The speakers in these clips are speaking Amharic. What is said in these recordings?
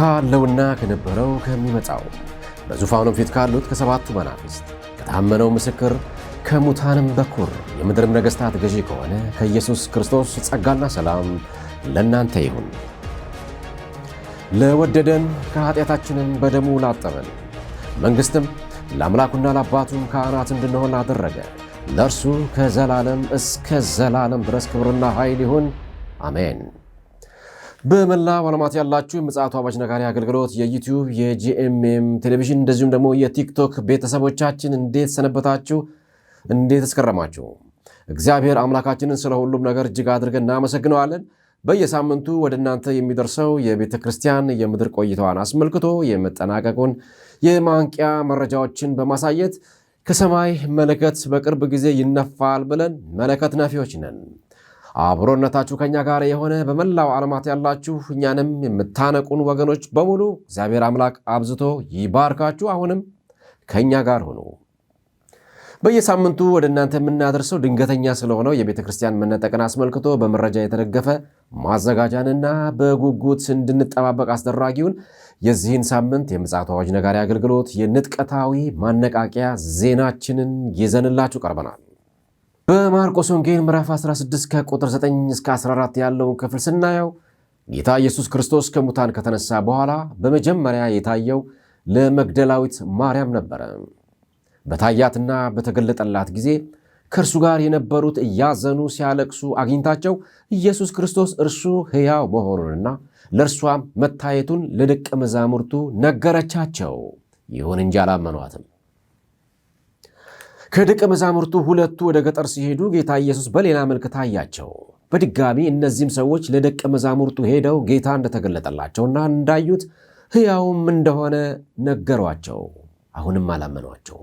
ካለውና ከነበረው ከሚመጣው በዙፋኑም ፊት ካሉት ከሰባቱ መናፍስት ከታመነው ምስክር ከሙታንም በኩር የምድርም ነገሥታት ገዢ ከሆነ ከኢየሱስ ክርስቶስ ጸጋና ሰላም ለእናንተ ይሁን። ለወደደን ከኃጢአታችንም በደሙ ላጠበን መንግሥትም ለአምላኩና ለአባቱም ካህናት እንድንሆን አደረገ። ለእርሱ ከዘላለም እስከ ዘላለም ድረስ ክብርና ኃይል ይሁን፣ አሜን። በመላው ዓለማት ያላችሁ የምፅዓቱ አዋጅ ነጋሪ አገልግሎት የዩቲዩብ የጂኤምኤም ቴሌቪዥን እንደዚሁም ደግሞ የቲክቶክ ቤተሰቦቻችን እንዴት ሰነበታችሁ? እንዴት እስከረማችሁ? እግዚአብሔር አምላካችንን ስለ ሁሉም ነገር እጅግ አድርገን እናመሰግነዋለን። በየሳምንቱ ወደ እናንተ የሚደርሰው የቤተ ክርስቲያን የምድር ቆይታዋን አስመልክቶ የመጠናቀቁን የማንቂያ መረጃዎችን በማሳየት ከሰማይ መለከት በቅርብ ጊዜ ይነፋል ብለን መለከት ነፊዎች ነን። አብሮነታችሁ ከኛ ጋር የሆነ በመላው ዓለማት ያላችሁ እኛንም የምታነቁን ወገኖች በሙሉ እግዚአብሔር አምላክ አብዝቶ ይባርካችሁ። አሁንም ከእኛ ጋር ሁኑ። በየሳምንቱ ወደ እናንተ የምናደርሰው ድንገተኛ ስለሆነው የቤተ ክርስቲያን መነጠቅን አስመልክቶ በመረጃ የተደገፈ ማዘጋጃንና በጉጉት እንድንጠባበቅ አስደራጊውን የዚህን ሳምንት የምፅዓቱ አዋጅ ነጋሪ አገልግሎት የንጥቀታዊ ማነቃቂያ ዜናችንን ይዘንላችሁ ቀርበናል። በማርቆስ ወንጌል ምዕራፍ 16 ከቁጥር 9 እስከ 14 ያለውን ክፍል ስናየው ጌታ ኢየሱስ ክርስቶስ ከሙታን ከተነሳ በኋላ በመጀመሪያ የታየው ለመግደላዊት ማርያም ነበረ። በታያትና በተገለጠላት ጊዜ ከእርሱ ጋር የነበሩት እያዘኑ ሲያለቅሱ አግኝታቸው ኢየሱስ ክርስቶስ እርሱ ሕያው መሆኑንና ለእርሷም መታየቱን ለደቀ መዛሙርቱ ነገረቻቸው። ይሁን እንጂ አላመኗትም። ከደቀ መዛሙርቱ ሁለቱ ወደ ገጠር ሲሄዱ ጌታ ኢየሱስ በሌላ መልክ ታያቸው። በድጋሚ እነዚህም ሰዎች ለደቀ መዛሙርቱ ሄደው ጌታ እንደተገለጠላቸውና እንዳዩት ሕያውም እንደሆነ ነገሯቸው። አሁንም አላመኗቸው።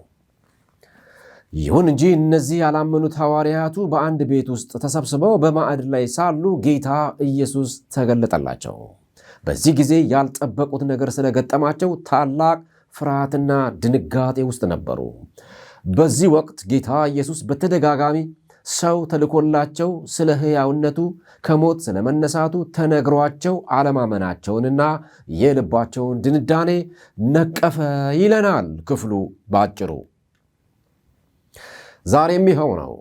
ይሁን እንጂ እነዚህ ያላመኑት ሐዋርያቱ በአንድ ቤት ውስጥ ተሰብስበው በማዕድ ላይ ሳሉ ጌታ ኢየሱስ ተገለጠላቸው። በዚህ ጊዜ ያልጠበቁት ነገር ስለገጠማቸው ታላቅ ፍርሃትና ድንጋጤ ውስጥ ነበሩ። በዚህ ወቅት ጌታ ኢየሱስ በተደጋጋሚ ሰው ተልኮላቸው ስለ ሕያውነቱ ከሞት ስለ መነሳቱ ተነግሯቸው አለማመናቸውንና የልባቸውን ድንዳኔ ነቀፈ ይለናል ክፍሉ ባጭሩ። ዛሬም ይኸው ነው።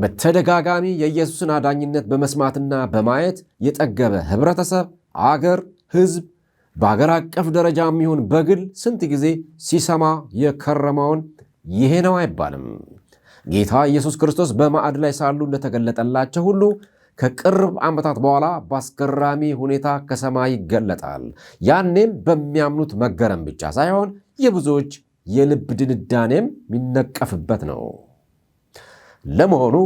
በተደጋጋሚ የኢየሱስን አዳኝነት በመስማትና በማየት የጠገበ ህብረተሰብ፣ አገር፣ ህዝብ በአገር አቀፍ ደረጃ የሚሆን በግል ስንት ጊዜ ሲሰማ የከረመውን ይሄ ነው አይባልም። ጌታ ኢየሱስ ክርስቶስ በማዕድ ላይ ሳሉ እንደተገለጠላቸው ሁሉ ከቅርብ ዓመታት በኋላ በአስገራሚ ሁኔታ ከሰማይ ይገለጣል። ያኔም በሚያምኑት መገረም ብቻ ሳይሆን የብዙዎች የልብ ድንዳኔም የሚነቀፍበት ነው። ለመሆኑ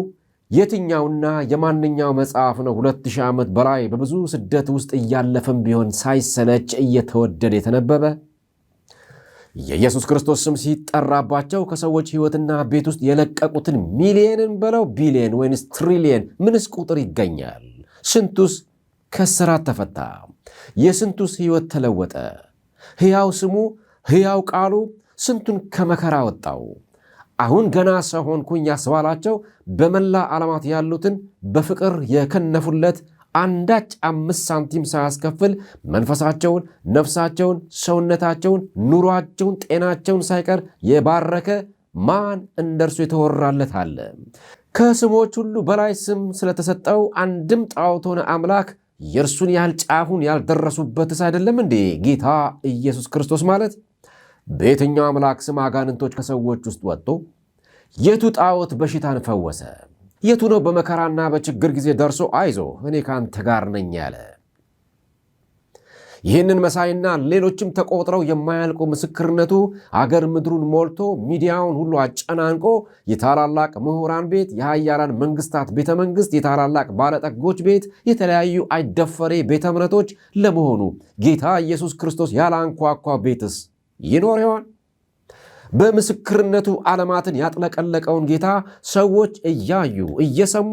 የትኛውና የማንኛው መጽሐፍ ነው ሁለት ሺህ ዓመት በላይ በብዙ ስደት ውስጥ እያለፈም ቢሆን ሳይሰለች እየተወደደ የተነበበ? የኢየሱስ ክርስቶስ ስም ሲጠራባቸው ከሰዎች ሕይወትና ቤት ውስጥ የለቀቁትን ሚሊየንን በለው ቢሊየን ወይንስ ትሪሊየን ምንስ ቁጥር ይገኛል? ስንቱስ ከስራት ተፈታ? የስንቱስ ሕይወት ተለወጠ? ሕያው ስሙ ሕያው ቃሉ ስንቱን ከመከራ ወጣው። አሁን ገና ሰው ሆንኩኝ ያስባላቸው በመላ ዓለማት ያሉትን በፍቅር የከነፉለት አንዳች አምስት ሳንቲም ሳያስከፍል መንፈሳቸውን፣ ነፍሳቸውን፣ ሰውነታቸውን፣ ኑሯቸውን፣ ጤናቸውን ሳይቀር የባረከ ማን እንደርሱ የተወራለት አለ? ከስሞች ሁሉ በላይ ስም ስለተሰጠው አንድም ጣዖት ሆነ አምላክ የእርሱን ያህል ጫፉን ያልደረሱበትስ አይደለም እንዴ ጌታ ኢየሱስ ክርስቶስ ማለት? በየትኛው አምላክ ስም አጋንንቶች ከሰዎች ውስጥ ወጥቶ የቱ ጣዖት በሽታን ፈወሰ? የቱ ነው በመከራና በችግር ጊዜ ደርሶ አይዞ እኔ ከአንተ ጋር ነኝ ያለ? ይህንን መሳይና ሌሎችም ተቆጥረው የማያልቁ ምስክርነቱ አገር ምድሩን ሞልቶ ሚዲያውን ሁሉ አጨናንቆ የታላላቅ ምሁራን ቤት፣ የሀያላን መንግስታት ቤተ መንግስት፣ የታላላቅ ባለጠጎች ቤት፣ የተለያዩ አይደፈሬ ቤተ እምነቶች ለመሆኑ ጌታ ኢየሱስ ክርስቶስ ያላንኳኳ ቤትስ ይኖር ይሆን? በምስክርነቱ ዓለማትን ያጥለቀለቀውን ጌታ ሰዎች እያዩ እየሰሙ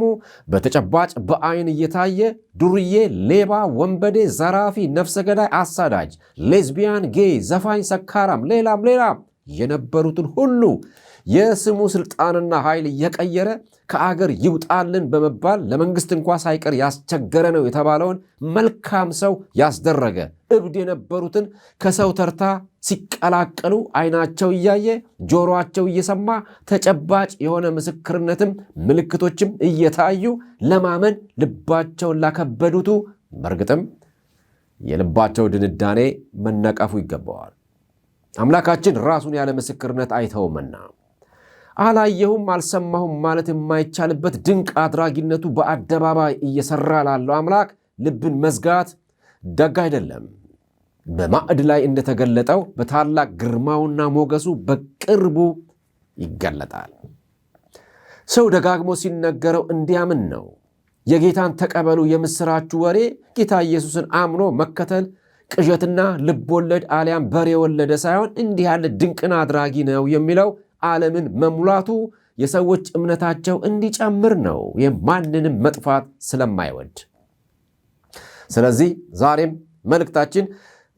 በተጨባጭ በአይን እየታየ ዱርዬ፣ ሌባ፣ ወንበዴ፣ ዘራፊ፣ ነፍሰ ገዳይ፣ አሳዳጅ፣ ሌዝቢያን፣ ጌይ፣ ዘፋኝ፣ ሰካራም፣ ሌላም ሌላም የነበሩትን ሁሉ የስሙ ስልጣንና ኃይል እየቀየረ ከአገር ይውጣልን በመባል ለመንግስት እንኳ ሳይቀር ያስቸገረ ነው የተባለውን መልካም ሰው ያስደረገ እብድ የነበሩትን ከሰው ተርታ ሲቀላቀሉ አይናቸው እያየ ጆሮአቸው እየሰማ ተጨባጭ የሆነ ምስክርነትም ምልክቶችም እየታዩ ለማመን ልባቸውን ላከበዱቱ በእርግጥም የልባቸው ድንዳኔ መነቀፉ ይገባዋል። አምላካችን ራሱን ያለ ምስክርነት አይተውምና አላየሁም አልሰማሁም ማለት የማይቻልበት ድንቅ አድራጊነቱ በአደባባይ እየሰራ ላለው አምላክ ልብን መዝጋት ደግ አይደለም። በማዕድ ላይ እንደተገለጠው በታላቅ ግርማውና ሞገሱ በቅርቡ ይገለጣል። ሰው ደጋግሞ ሲነገረው እንዲያምን ነው። የጌታን ተቀበሉ የምሥራችሁ ወሬ ጌታ ኢየሱስን አምኖ መከተል ቅዠትና ልብ ወለድ አሊያም በሬ ወለደ ሳይሆን እንዲህ ያለ ድንቅን አድራጊ ነው የሚለው ዓለምን መሙላቱ የሰዎች እምነታቸው እንዲጨምር ነው፣ የማንንም መጥፋት ስለማይወድ። ስለዚህ ዛሬም መልእክታችን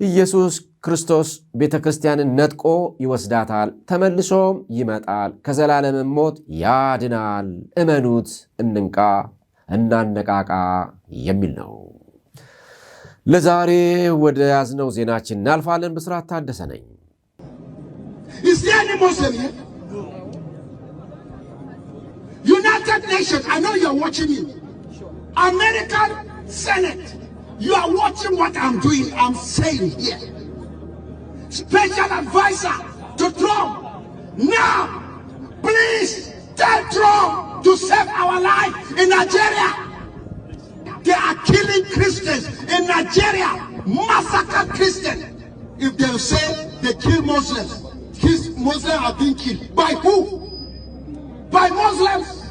ኢየሱስ ክርስቶስ ቤተ ክርስቲያንን ነጥቆ ይወስዳታል፣ ተመልሶም ይመጣል፣ ከዘላለም ሞት ያድናል። እመኑት፣ እንንቃ፣ እናነቃቃ የሚል ነው። ለዛሬ ወደ ያዝነው ዜናችን እናልፋለን። ብስራት ታደሰ ነኝ። United Nations, I know you are watching me. American Senate, you are watching what I'm doing, I'm saying here. Special advisor to Trump. Now, please tell Trump to save our life in Nigeria. They are killing Christians in Nigeria, massacre Christians. If they say they kill Muslims, Muslims are being killed. By who? by Muslims.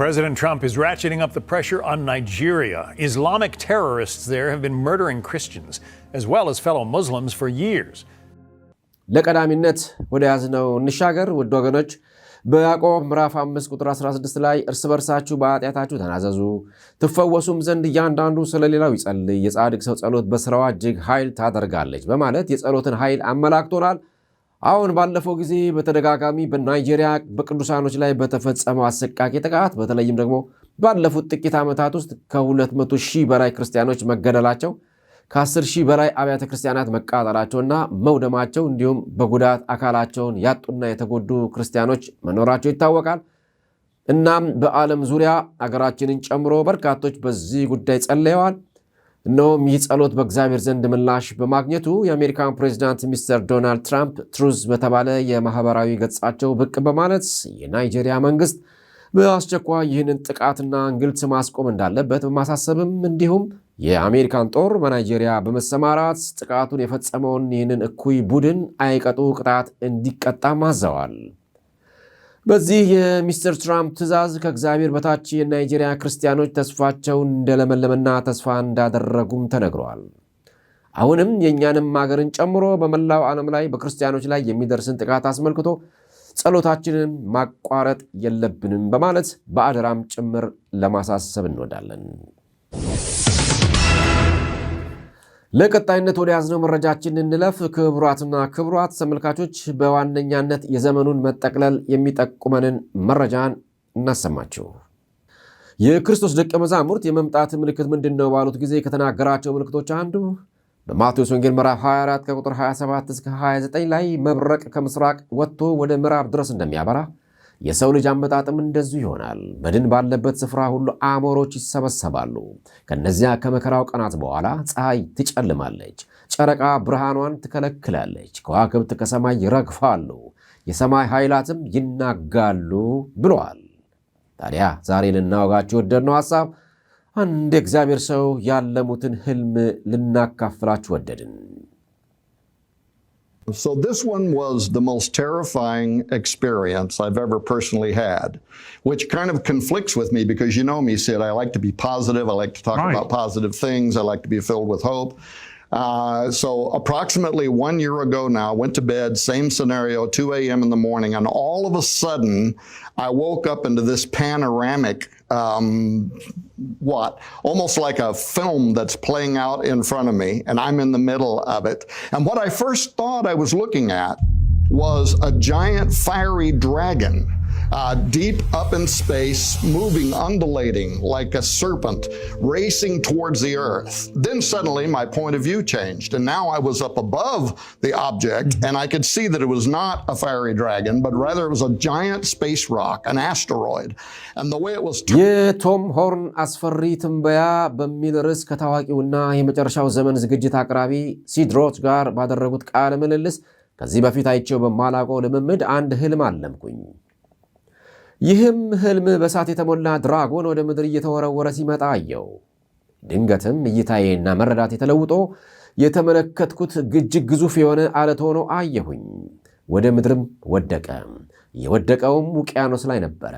President Trump is ratcheting up the pressure on Nigeria. Islamic terrorists there have been murdering Christians as well as fellow Muslims for years. ለቀዳሚነት ወደ ያዝነው እንሻገር ውድ ወገኖች በያዕቆብ ምዕራፍ 5 ቁጥር 16 ላይ እርስ በርሳችሁ በኃጢአታችሁ ተናዘዙ ትፈወሱም ዘንድ እያንዳንዱ ስለሌላው ይጸልይ የጻድቅ ሰው ጸሎት እጅግ ኃይል ታደርጋለች በማለት የጸሎትን ኃይል አመላክቶናል አሁን ባለፈው ጊዜ በተደጋጋሚ በናይጄሪያ በቅዱሳኖች ላይ በተፈጸመው አሰቃቂ ጥቃት በተለይም ደግሞ ባለፉት ጥቂት ዓመታት ውስጥ ከ200 ሺህ በላይ ክርስቲያኖች መገደላቸው ከ10 ሺህ በላይ አብያተ ክርስቲያናት መቃጠላቸውና መውደማቸው እንዲሁም በጉዳት አካላቸውን ያጡና የተጎዱ ክርስቲያኖች መኖራቸው ይታወቃል። እናም በዓለም ዙሪያ አገራችንን ጨምሮ በርካቶች በዚህ ጉዳይ ጸልየዋል። እነሆም ይህ ጸሎት በእግዚአብሔር ዘንድ ምላሽ በማግኘቱ የአሜሪካን ፕሬዚዳንት ሚስተር ዶናልድ ትራምፕ ትሩዝ በተባለ የማህበራዊ ገጻቸው ብቅ በማለት የናይጄሪያ መንግስት በአስቸኳይ ይህንን ጥቃትና እንግልት ማስቆም እንዳለበት በማሳሰብም እንዲሁም የአሜሪካን ጦር በናይጄሪያ በመሰማራት ጥቃቱን የፈጸመውን ይህንን እኩይ ቡድን አይቀጡ ቅጣት እንዲቀጣም አዘዋል። በዚህ የሚስተር ትራምፕ ትዕዛዝ ከእግዚአብሔር በታች የናይጄሪያ ክርስቲያኖች ተስፋቸውን እንደለመለመና ተስፋ እንዳደረጉም ተነግረዋል። አሁንም የእኛንም ሀገርን ጨምሮ በመላው ዓለም ላይ በክርስቲያኖች ላይ የሚደርስን ጥቃት አስመልክቶ ጸሎታችንን ማቋረጥ የለብንም በማለት በአደራም ጭምር ለማሳሰብ እንወዳለን። ለቀጣይነት ወደ ያዝነው መረጃችን እንለፍ። ክቡራትና ክቡራት ተመልካቾች በዋነኛነት የዘመኑን መጠቅለል የሚጠቁመንን መረጃን እናሰማችሁ። የክርስቶስ ደቀ መዛሙርት የመምጣት ምልክት ምንድን ነው ባሉት ጊዜ ከተናገራቸው ምልክቶች አንዱ በማቴዎስ ወንጌል ምዕራፍ 24 ከቁጥር 27 እስከ 29 ላይ መብረቅ ከምስራቅ ወጥቶ ወደ ምዕራብ ድረስ እንደሚያበራ የሰው ልጅ አመጣጥም እንደዚሁ ይሆናል። በድን ባለበት ስፍራ ሁሉ አሞሮች ይሰበሰባሉ። ከነዚያ ከመከራው ቀናት በኋላ ፀሐይ ትጨልማለች፣ ጨረቃ ብርሃኗን ትከለክላለች፣ ከዋክብት ከሰማይ ይረግፋሉ፣ የሰማይ ኃይላትም ይናጋሉ ብለዋል። ታዲያ ዛሬ ልናወጋችሁ ወደድነው ሐሳብ አንድ የእግዚአብሔር ሰው ያለሙትን ህልም ልናካፍላችሁ ወደድን። So, this one was the most terrifying experience I've ever personally had, which kind of conflicts with me because you know me, Sid. I like to be positive. I like to talk right. about positive things. I like to be filled with hope. Uh, so approximately one year ago now, went to bed, same scenario, 2 a.m. in the morning, and all of a sudden, I woke up into this panoramic, um, what, almost like a film that's playing out in front of me, and I'm in the middle of it. And what I first thought I was looking at was a giant fiery dragon uh, deep up in space, moving, undulating like a serpent, racing towards the earth. Then suddenly my point of view changed, and now I was up above the object, mm-hmm. and I could see that it was not a fiery dragon, but rather it was a giant space rock, an asteroid. And the way it was. በሚል ርዕስ ከታዋቂውና የመጨረሻው ዘመን ዝግጅት አቅራቢ ጋር ባደረጉት ቃለ ምልልስ ከዚህ በፊት በማላውቀው ልምምድ አንድ ህልም አለምኩኝ። ይህም ህልም በእሳት የተሞላ ድራጎን ወደ ምድር እየተወረወረ ሲመጣ አየው። ድንገትም እይታዬና መረዳት የተለውጦ የተመለከትኩት እጅግ ግዙፍ የሆነ አለት ሆኖ አየሁኝ። ወደ ምድርም ወደቀ። የወደቀውም ውቅያኖስ ላይ ነበረ።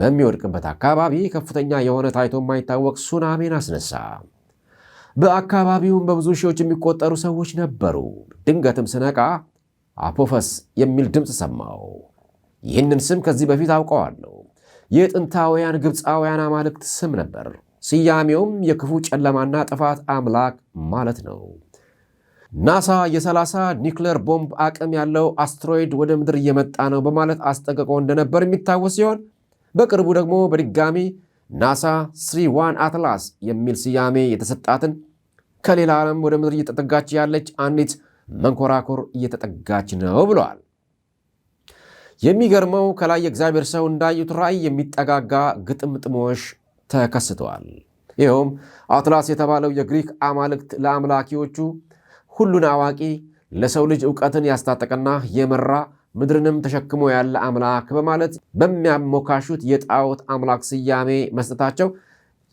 በሚወድቅበት አካባቢ ከፍተኛ የሆነ ታይቶ የማይታወቅ ሱናሜን አስነሳ። በአካባቢውም በብዙ ሺዎች የሚቆጠሩ ሰዎች ነበሩ። ድንገትም ስነቃ አፖፈስ የሚል ድምፅ ሰማው። ይህንን ስም ከዚህ በፊት አውቀዋለሁ። የጥንታውያን ግብፃውያን አማልክት ስም ነበር። ስያሜውም የክፉ ጨለማና ጥፋት አምላክ ማለት ነው። ናሳ የ30 ኒክሌር ቦምብ አቅም ያለው አስትሮይድ ወደ ምድር እየመጣ ነው በማለት አስጠንቅቆ እንደነበር የሚታወስ ሲሆን በቅርቡ ደግሞ በድጋሚ ናሳ ስሪ ዋን አትላስ የሚል ስያሜ የተሰጣትን ከሌላ ዓለም ወደ ምድር እየተጠጋች ያለች አንዲት መንኮራኩር እየተጠጋች ነው ብለዋል። የሚገርመው ከላይ የእግዚአብሔር ሰው እንዳዩት ራእይ የሚጠጋጋ ግጥምጥሞሽ ተከስተዋል። ይኸውም አትላስ የተባለው የግሪክ አማልክት ለአምላኪዎቹ ሁሉን አዋቂ ለሰው ልጅ እውቀትን ያስታጠቀና የመራ ምድርንም ተሸክሞ ያለ አምላክ በማለት በሚያሞካሹት የጣዖት አምላክ ስያሜ መስጠታቸው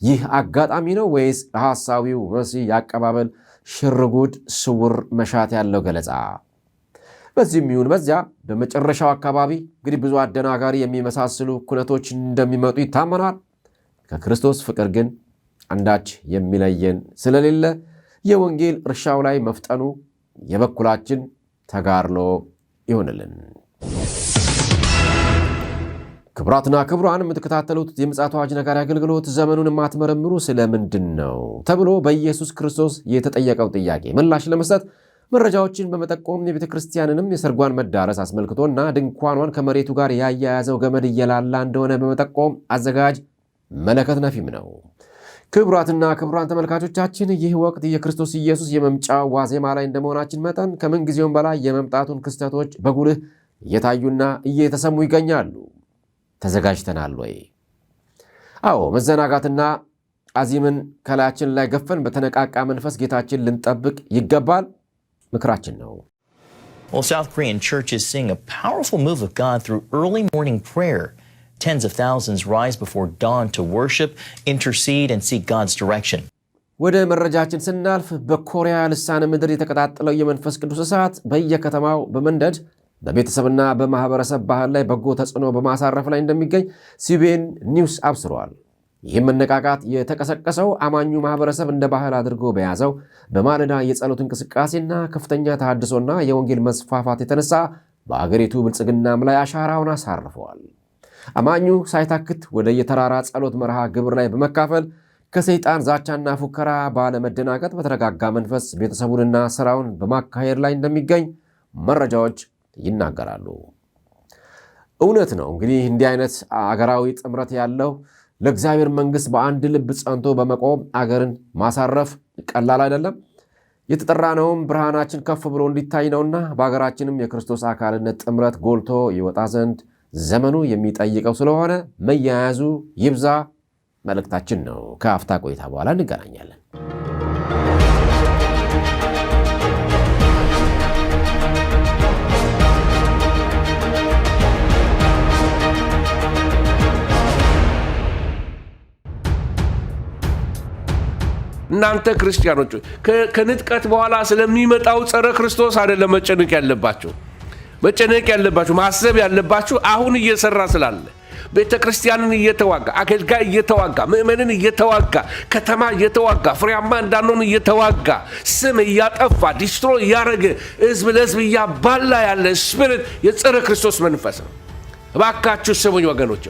ይህ አጋጣሚ ነው ወይስ ሐሳዊው መሲህ የአቀባበል ሽርጉድ ስውር መሻት ያለው ገለጻ? በዚህም ይሁን በዚያ በመጨረሻው አካባቢ እንግዲህ ብዙ አደናጋሪ የሚመሳስሉ ኩነቶች እንደሚመጡ ይታመናል። ከክርስቶስ ፍቅር ግን አንዳች የሚለየን ስለሌለ የወንጌል እርሻው ላይ መፍጠኑ የበኩላችን ተጋድሎ ይሆንልን። ክቡራትና ክቡራን የምትከታተሉት የምፅዓቱ አዋጅ ነጋሪ አገልግሎት ዘመኑን የማትመረምሩ ስለምንድን ነው ተብሎ በኢየሱስ ክርስቶስ የተጠየቀው ጥያቄ ምላሽ ለመስጠት መረጃዎችን በመጠቆም የቤተ ክርስቲያንንም የሰርጓን መዳረስ አስመልክቶና ድንኳኗን ከመሬቱ ጋር ያያያዘው ገመድ እየላላ እንደሆነ በመጠቆም አዘጋጅ መለከት ነፊም ነው። ክቡራትና ክቡራን ተመልካቾቻችን ይህ ወቅት የክርስቶስ ኢየሱስ የመምጫው ዋዜማ ላይ እንደመሆናችን መጠን ከምንጊዜውም በላይ የመምጣቱን ክስተቶች በጉልህ እየታዩና እየተሰሙ ይገኛሉ። ተዘጋጅተናል ወይ? አዎ፣ መዘናጋትና አዚምን ከላያችን ላይ ገፈን በተነቃቃ መንፈስ ጌታችን ልንጠብቅ ይገባል። ምክራችን ነው። Well, South Korean churches seeing a powerful move of God through early morning prayer. Tens of thousands rise before dawn to worship, intercede, and seek God's direction. ወደ መረጃችን ስናልፍ በኮሪያ ልሳነ ምድር የተቀጣጠለው የመንፈስ ቅዱስ እሳት በየከተማው በመንደድ በቤተሰብና በማህበረሰብ ባህል ላይ በጎ ተጽዕኖ በማሳረፍ ላይ እንደሚገኝ ሲቢኤን ኒውስ ይህም መነቃቃት የተቀሰቀሰው አማኙ ማህበረሰብ እንደ ባህል አድርጎ በያዘው በማለዳ የጸሎት እንቅስቃሴና ከፍተኛ ተሃድሶና የወንጌል መስፋፋት የተነሳ በአገሪቱ ብልጽግናም ላይ አሻራውን አሳርፈዋል። አማኙ ሳይታክት ወደ የተራራ ጸሎት መርሃ ግብር ላይ በመካፈል ከሰይጣን ዛቻና ፉከራ ባለመደናቀጥ በተረጋጋ መንፈስ ቤተሰቡንና ስራውን በማካሄድ ላይ እንደሚገኝ መረጃዎች ይናገራሉ። እውነት ነው እንግዲህ እንዲህ አይነት አገራዊ ጥምረት ያለው ለእግዚአብሔር መንግሥት በአንድ ልብ ጸንቶ በመቆም አገርን ማሳረፍ ቀላል አይደለም። የተጠራነውም ብርሃናችን ከፍ ብሎ እንዲታይ ነውና በሀገራችንም የክርስቶስ አካልነት ጥምረት ጎልቶ ይወጣ ዘንድ ዘመኑ የሚጠይቀው ስለሆነ መያያዙ ይብዛ መልእክታችን ነው። ከአፍታ ቆይታ በኋላ እንገናኛለን። እናንተ ክርስቲያኖች ከንጥቀት በኋላ ስለሚመጣው ጸረ ክርስቶስ አይደለም መጨነቅ ያለባችሁ መጨነቅ ያለባችሁ ማሰብ ያለባችሁ አሁን እየሰራ ስላለ ቤተ ክርስቲያንን እየተዋጋ አገልጋይ እየተዋጋ ምእመንን እየተዋጋ ከተማ እየተዋጋ ፍሬያማ እንዳንሆን እየተዋጋ ስም እያጠፋ ዲስትሮ እያደረገ ህዝብ ለህዝብ እያባላ ያለ ስፒሪት የጸረ ክርስቶስ መንፈስ ነው። እባካችሁ ስሙኝ ወገኖች፣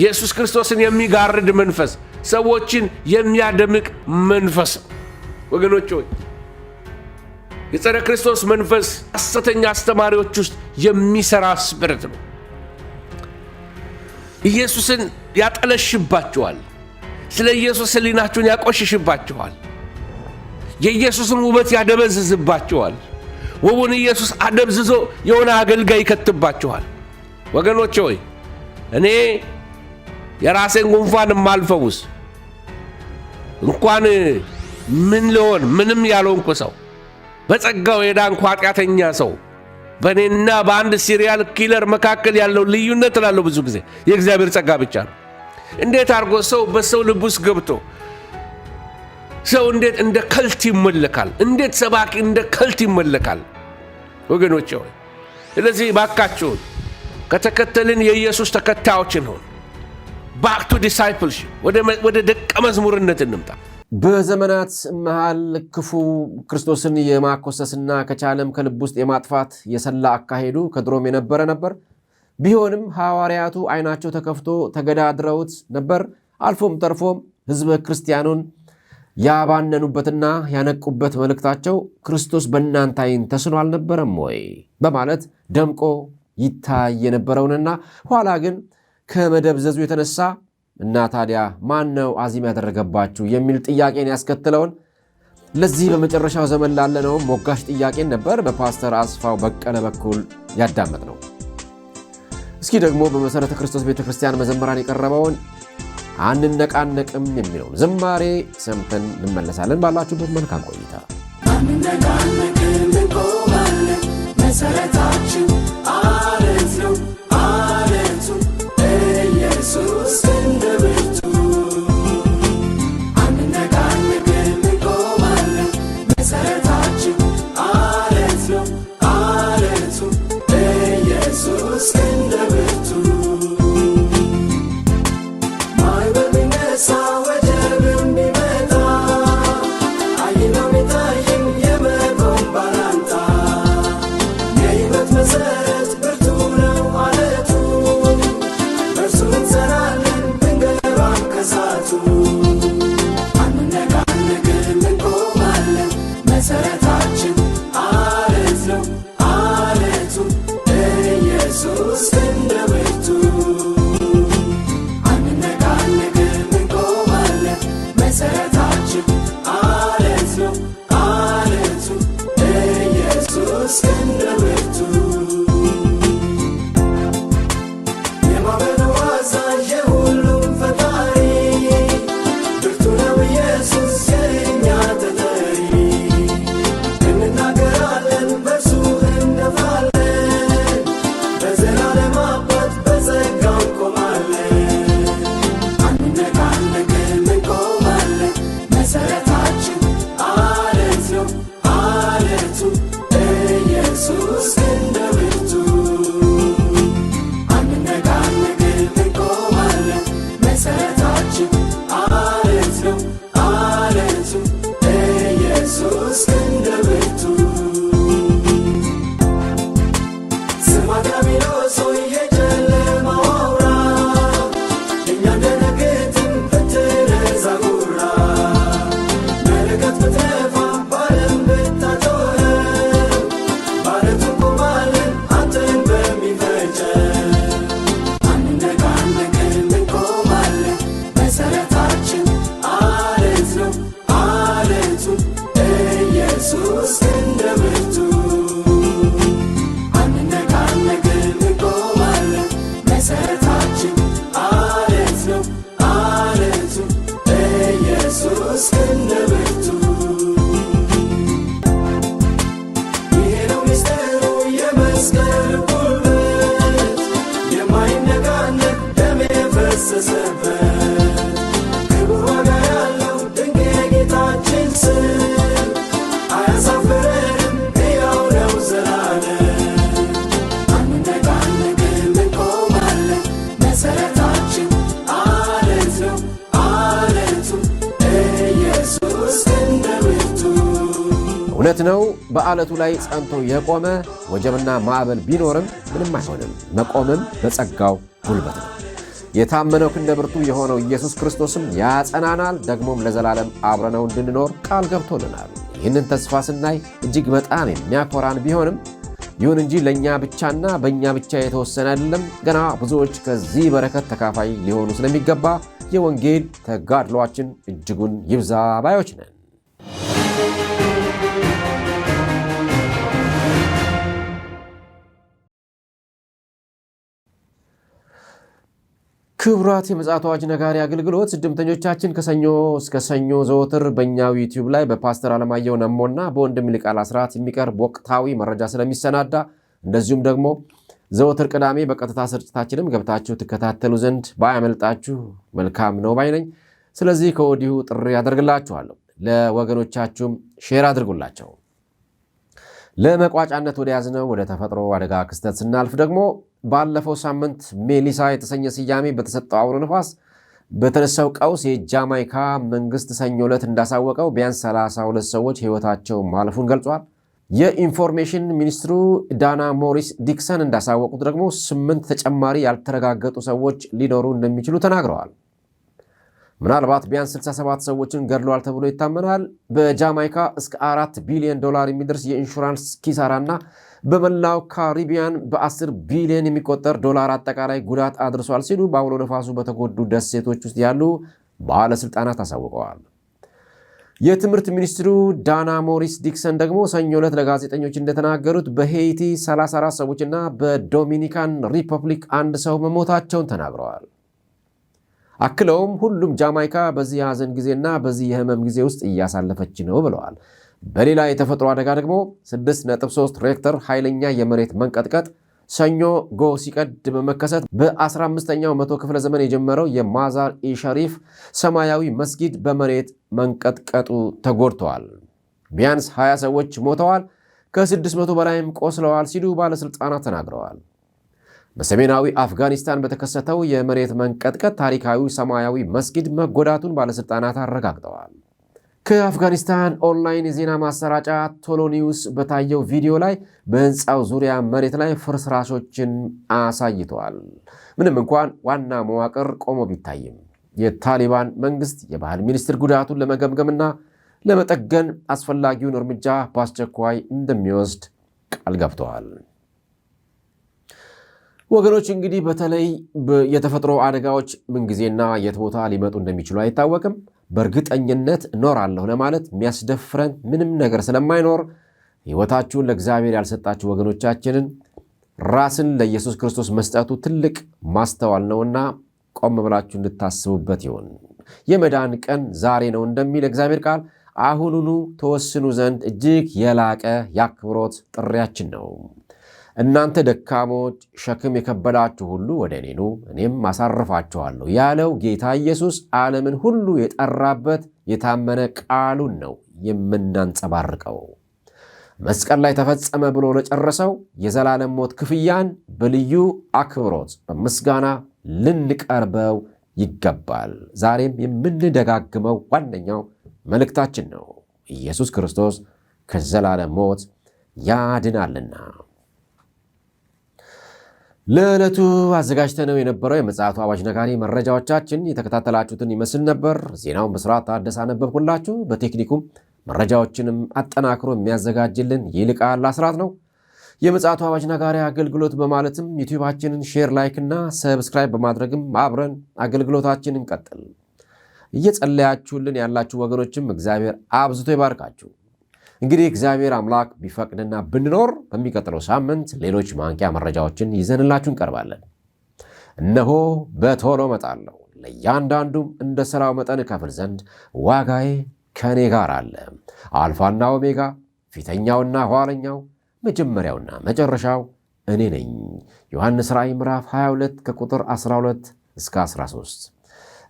ኢየሱስ ክርስቶስን የሚጋርድ መንፈስ ሰዎችን የሚያደምቅ መንፈስ ነው። ወገኖች ሆይ የጸረ ክርስቶስ መንፈስ ሐሰተኛ አስተማሪዎች ውስጥ የሚሠራ ስብርት ነው። ኢየሱስን ያጠለሽባችኋል። ስለ ኢየሱስ ሕሊናችሁን ያቆሽሽባችኋል። የኢየሱስን ውበት ያደበዝዝባችኋል። ውቡን ኢየሱስ አደብዝዞ የሆነ አገልጋይ ይከትባችኋል። ወገኖች ሆይ እኔ የራሴን ጉንፋን የማልፈውስ እንኳን ምን ልሆን ምንም ያልሆንኩ ሰው በጸጋው የዳንኩ ኃጢአተኛ ሰው በእኔና በአንድ ሲሪያል ኪለር መካከል ያለው ልዩነት እላለሁ ብዙ ጊዜ የእግዚአብሔር ጸጋ ብቻ ነው። እንዴት አድርጎ ሰው በሰው ልብ ውስጥ ገብቶ ሰው እንዴት እንደ ከልት ይመለካል? እንዴት ሰባኪ እንደ ከልት ይመለካል? ወገኖች ሆይ ስለዚህ ባካችሁን ከተከተልን የኢየሱስ ተከታዮችን ሆን ባክ ቱ ዲሳይፕልሺፕ ወደ ደቀ መዝሙርነት እንምጣ። በዘመናት መሃል ክፉ ክርስቶስን የማኮሰስና ከቻለም ከልብ ውስጥ የማጥፋት የሰላ አካሄዱ ከድሮም የነበረ ነበር። ቢሆንም ሐዋርያቱ ዓይናቸው ተከፍቶ ተገዳድረውት ነበር። አልፎም ተርፎም ሕዝበ ክርስቲያኑን ያባነኑበትና ያነቁበት መልእክታቸው ክርስቶስ በእናንተ ዓይን ተስኖ አልነበረም ወይ በማለት ደምቆ ይታይ የነበረውንና ኋላ ግን ከመደብዘዙ የተነሳ እና ታዲያ ማን ነው አዚም ያደረገባችሁ የሚል ጥያቄን ያስከትለውን ለዚህ በመጨረሻው ዘመን ላለነው ሞጋሽ ጥያቄን ነበር በፓስተር አስፋው በቀለ በኩል ያዳመጥ ነው። እስኪ ደግሞ በመሠረተ ክርስቶስ ቤተ ክርስቲያን መዘምራን የቀረበውን አንነቃነቅም የሚለውን ዝማሬ ሰምተን እንመለሳለን። ባላችሁበት መልካም ቆይታ። አንነቃነቅም፣ እንቆማለን መሠረታችን Susan. እውነት ነው፣ በዓለቱ ላይ ጸንቶ የቆመ ወጀብና ማዕበል ቢኖርም ምንም አይሆንም። መቆምም በጸጋው ጉልበት ነው። የታመነው ክንደ ብርቱ የሆነው ኢየሱስ ክርስቶስም ያጸናናል። ደግሞም ለዘላለም አብረነው እንድንኖር ቃል ገብቶልናል። ይህንን ተስፋ ስናይ እጅግ በጣም የሚያኮራን ቢሆንም ይሁን እንጂ ለእኛ ብቻና በእኛ ብቻ የተወሰነ አይደለም። ገና ብዙዎች ከዚህ በረከት ተካፋይ ሊሆኑ ስለሚገባ የወንጌል ተጋድሏችን እጅጉን ይብዛ ባዮች ነን። ክብራት የምፅዓቱ አዋጅ ነጋሪ አገልግሎት ስድምተኞቻችን ከሰኞ እስከ ሰኞ ዘወትር በእኛው ዩቲዩብ ላይ በፓስተር አለማየሁ ነሞና በወንድም ይልቃል አስራት የሚቀርብ ወቅታዊ መረጃ ስለሚሰናዳ እንደዚሁም ደግሞ ዘወትር ቅዳሜ በቀጥታ ስርጭታችንም ገብታችሁ ትከታተሉ ዘንድ ባያመልጣችሁ መልካም ነው ባይ ነኝ። ስለዚህ ከወዲሁ ጥሪ ያደርግላችኋለሁ። ለወገኖቻችሁም ሼር አድርጉላቸው። ለመቋጫነት ወደ ያዝነው ወደ ተፈጥሮ አደጋ ክስተት ስናልፍ ደግሞ ባለፈው ሳምንት ሜሊሳ የተሰኘ ስያሜ በተሰጠው አውሎ ነፋስ በተነሳው ቀውስ የጃማይካ መንግስት ሰኞ ዕለት እንዳሳወቀው ቢያንስ 32 ሰዎች ህይወታቸው ማለፉን ገልጿል። የኢንፎርሜሽን ሚኒስትሩ ዳና ሞሪስ ዲክሰን እንዳሳወቁት ደግሞ ስምንት ተጨማሪ ያልተረጋገጡ ሰዎች ሊኖሩ እንደሚችሉ ተናግረዋል። ምናልባት ቢያንስ 67 ሰዎችን ገድለዋል ተብሎ ይታመናል። በጃማይካ እስከ 4 ቢሊዮን ዶላር የሚደርስ የኢንሹራንስ ኪሳራና በመላው ካሪቢያን በ10 ቢሊዮን የሚቆጠር ዶላር አጠቃላይ ጉዳት አድርሷል ሲሉ በአውሎ ነፋሱ በተጎዱ ደሴቶች ውስጥ ያሉ ባለሥልጣናት አሳውቀዋል። የትምህርት ሚኒስትሩ ዳና ሞሪስ ዲክሰን ደግሞ ሰኞ ዕለት ለጋዜጠኞች እንደተናገሩት በሄይቲ 34 ሰዎችና በዶሚኒካን ሪፐብሊክ አንድ ሰው መሞታቸውን ተናግረዋል። አክለውም ሁሉም ጃማይካ በዚህ የሐዘን ጊዜና በዚህ የህመም ጊዜ ውስጥ እያሳለፈች ነው ብለዋል። በሌላ የተፈጥሮ አደጋ ደግሞ 6.3 ሬክተር ኃይለኛ የመሬት መንቀጥቀጥ ሰኞ ጎ ሲቀድ በመከሰት በ15ኛው መቶ ክፍለ ዘመን የጀመረው የማዛር ኢሸሪፍ ሰማያዊ መስጊድ በመሬት መንቀጥቀጡ ተጎድተዋል። ቢያንስ 20 ሰዎች ሞተዋል፣ ከ600 በላይም ቆስለዋል ሲሉ ባለሥልጣናት ተናግረዋል። በሰሜናዊ አፍጋኒስታን በተከሰተው የመሬት መንቀጥቀጥ ታሪካዊ ሰማያዊ መስጊድ መጎዳቱን ባለሥልጣናት አረጋግጠዋል። ከአፍጋኒስታን ኦንላይን የዜና ማሰራጫ ቶሎኒውስ በታየው ቪዲዮ ላይ በህንፃው ዙሪያ መሬት ላይ ፍርስራሾችን አሳይተዋል። ምንም እንኳን ዋና መዋቅር ቆሞ ቢታይም የታሊባን መንግስት የባህል ሚኒስትር ጉዳቱን ለመገምገምና ለመጠገን አስፈላጊውን እርምጃ በአስቸኳይ እንደሚወስድ ቃል ገብተዋል። ወገኖች እንግዲህ በተለይ የተፈጥሮ አደጋዎች ምንጊዜና የት ቦታ ሊመጡ እንደሚችሉ አይታወቅም። በእርግጠኝነት እኖራለሁ ለማለት የሚያስደፍረን ምንም ነገር ስለማይኖር ሕይወታችሁን ለእግዚአብሔር ያልሰጣችሁ ወገኖቻችንን ራስን ለኢየሱስ ክርስቶስ መስጠቱ ትልቅ ማስተዋል ነውና ቆም ብላችሁ እንድታስቡበት ይሁን። የመዳን ቀን ዛሬ ነው እንደሚል እግዚአብሔር ቃል አሁኑኑ ተወስኑ ዘንድ እጅግ የላቀ የአክብሮት ጥሪያችን ነው። እናንተ ደካሞች ሸክም የከበዳችሁ ሁሉ ወደ እኔ ኑ እኔም አሳርፋችኋለሁ ያለው ጌታ ኢየሱስ ዓለምን ሁሉ የጠራበት የታመነ ቃሉን ነው የምናንጸባርቀው። መስቀል ላይ ተፈጸመ ብሎ ለጨረሰው የዘላለም ሞት ክፍያን በልዩ አክብሮት በምስጋና ልንቀርበው ይገባል። ዛሬም የምንደጋግመው ዋነኛው መልእክታችን ነው። ኢየሱስ ክርስቶስ ከዘላለም ሞት ያድናልና ለዕለቱ አዘጋጅተነው የነበረው የምፅዓቱ አዋጅ ነጋሪ መረጃዎቻችን የተከታተላችሁትን ይመስል ነበር። ዜናውን በስርዓት ታደሰ አነበብኩላችሁ። በቴክኒኩም መረጃዎችንም አጠናክሮ የሚያዘጋጅልን ይልቃል አስራት ነው። የምፅዓቱ አዋጅ ነጋሪ አገልግሎት በማለትም ዩቲዩባችንን ሼር፣ ላይክ እና ሰብስክራይብ በማድረግም አብረን አገልግሎታችንን ቀጥል። እየጸለያችሁልን ያላችሁ ወገኖችም እግዚአብሔር አብዝቶ ይባርካችሁ። እንግዲህ እግዚአብሔር አምላክ ቢፈቅድና ብንኖር በሚቀጥለው ሳምንት ሌሎች ማንቂያ መረጃዎችን ይዘንላችሁ እንቀርባለን። እነሆ በቶሎ እመጣለሁ፣ ለእያንዳንዱም እንደ ሥራው መጠን እከፍል ዘንድ ዋጋዬ ከእኔ ጋር አለ። አልፋና ኦሜጋ፣ ፊተኛውና ኋለኛው፣ መጀመሪያውና መጨረሻው እኔ ነኝ። ዮሐንስ ራእይ ምዕራፍ 22 ከቁጥር 12 እስከ 13።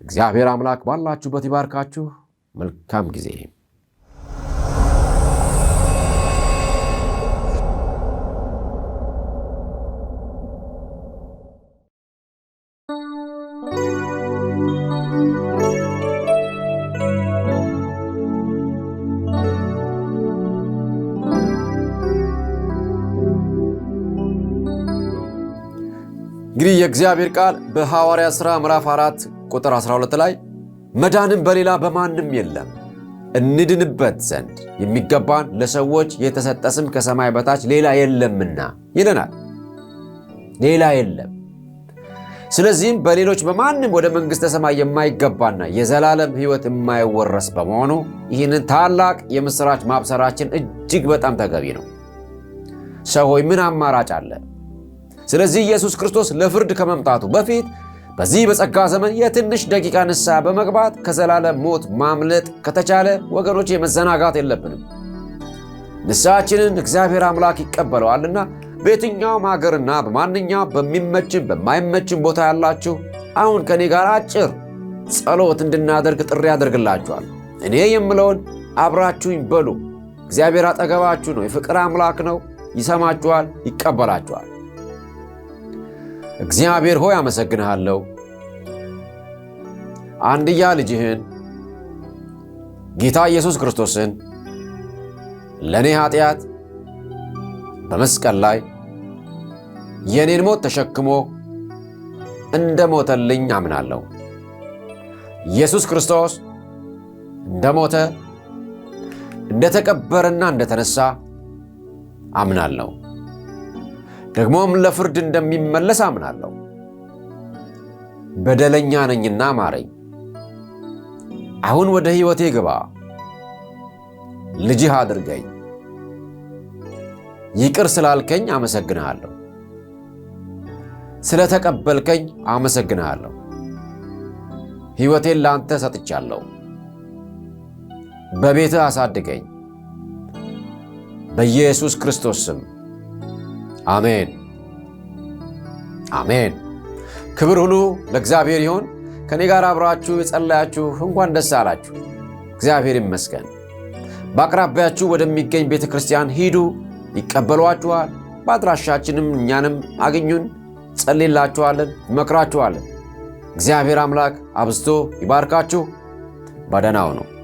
እግዚአብሔር አምላክ ባላችሁበት ይባርካችሁ። መልካም ጊዜ እንግዲህ የእግዚአብሔር ቃል በሐዋርያ ሥራ ምዕራፍ 4 ቁጥር 12 ላይ መዳንም በሌላ በማንም የለም፣ እንድንበት ዘንድ የሚገባን ለሰዎች የተሰጠ ስም ከሰማይ በታች ሌላ የለምና ይለናል። ሌላ የለም። ስለዚህም በሌሎች በማንም ወደ መንግሥተ ሰማይ የማይገባና የዘላለም ሕይወት የማይወረስ በመሆኑ ይህንን ታላቅ የምሥራች ማብሰራችን እጅግ በጣም ተገቢ ነው። ሰው ሆይ ምን አማራጭ አለ? ስለዚህ ኢየሱስ ክርስቶስ ለፍርድ ከመምጣቱ በፊት በዚህ በጸጋ ዘመን የትንሽ ደቂቃ ንስሐ በመግባት ከዘላለም ሞት ማምለጥ ከተቻለ ወገኖች የመዘናጋት የለብንም። ንስሐችንን እግዚአብሔር አምላክ ይቀበለዋልና በየትኛውም ሀገርና በማንኛውም በሚመችን በማይመችን ቦታ ያላችሁ አሁን ከእኔ ጋር አጭር ጸሎት እንድናደርግ ጥሪ ያደርግላችኋል። እኔ የምለውን አብራችሁኝ በሉ። እግዚአብሔር አጠገባችሁ ነው። የፍቅር አምላክ ነው። ይሰማችኋል፣ ይቀበላችኋል። እግዚአብሔር ሆይ አመሰግንሃለሁ አንድያ ልጅህን ጌታ ኢየሱስ ክርስቶስን ለእኔ ኃጢአት በመስቀል ላይ የእኔን ሞት ተሸክሞ እንደ ሞተልኝ አምናለሁ። ኢየሱስ ክርስቶስ እንደ ሞተ፣ እንደ ተቀበረና እንደ ተነሳ አምናለሁ። ደግሞም ለፍርድ እንደሚመለስ አምናለሁ። በደለኛ ነኝና ማረኝ። አሁን ወደ ሕይወቴ ግባ፣ ልጅህ አድርገኝ። ይቅር ስላልከኝ አመሰግንሃለሁ፣ ስለ ተቀበልከኝ አመሰግንሃለሁ። ሕይወቴን ለአንተ ሰጥቻለሁ። በቤትህ አሳድገኝ፣ በኢየሱስ ክርስቶስ ስም አሜን አሜን። ክብር ሁሉ ለእግዚአብሔር ይሁን። ከእኔ ጋር አብራችሁ የጸለያችሁ እንኳን ደስ አላችሁ። እግዚአብሔር ይመስገን። በአቅራቢያችሁ ወደሚገኝ ቤተ ክርስቲያን ሂዱ፣ ይቀበሏችኋል። በአድራሻችንም እኛንም አግኙን፣ ጸልላችኋለን፣ ይመክራችኋለን። እግዚአብሔር አምላክ አብዝቶ ይባርካችሁ። በደህናው ነው።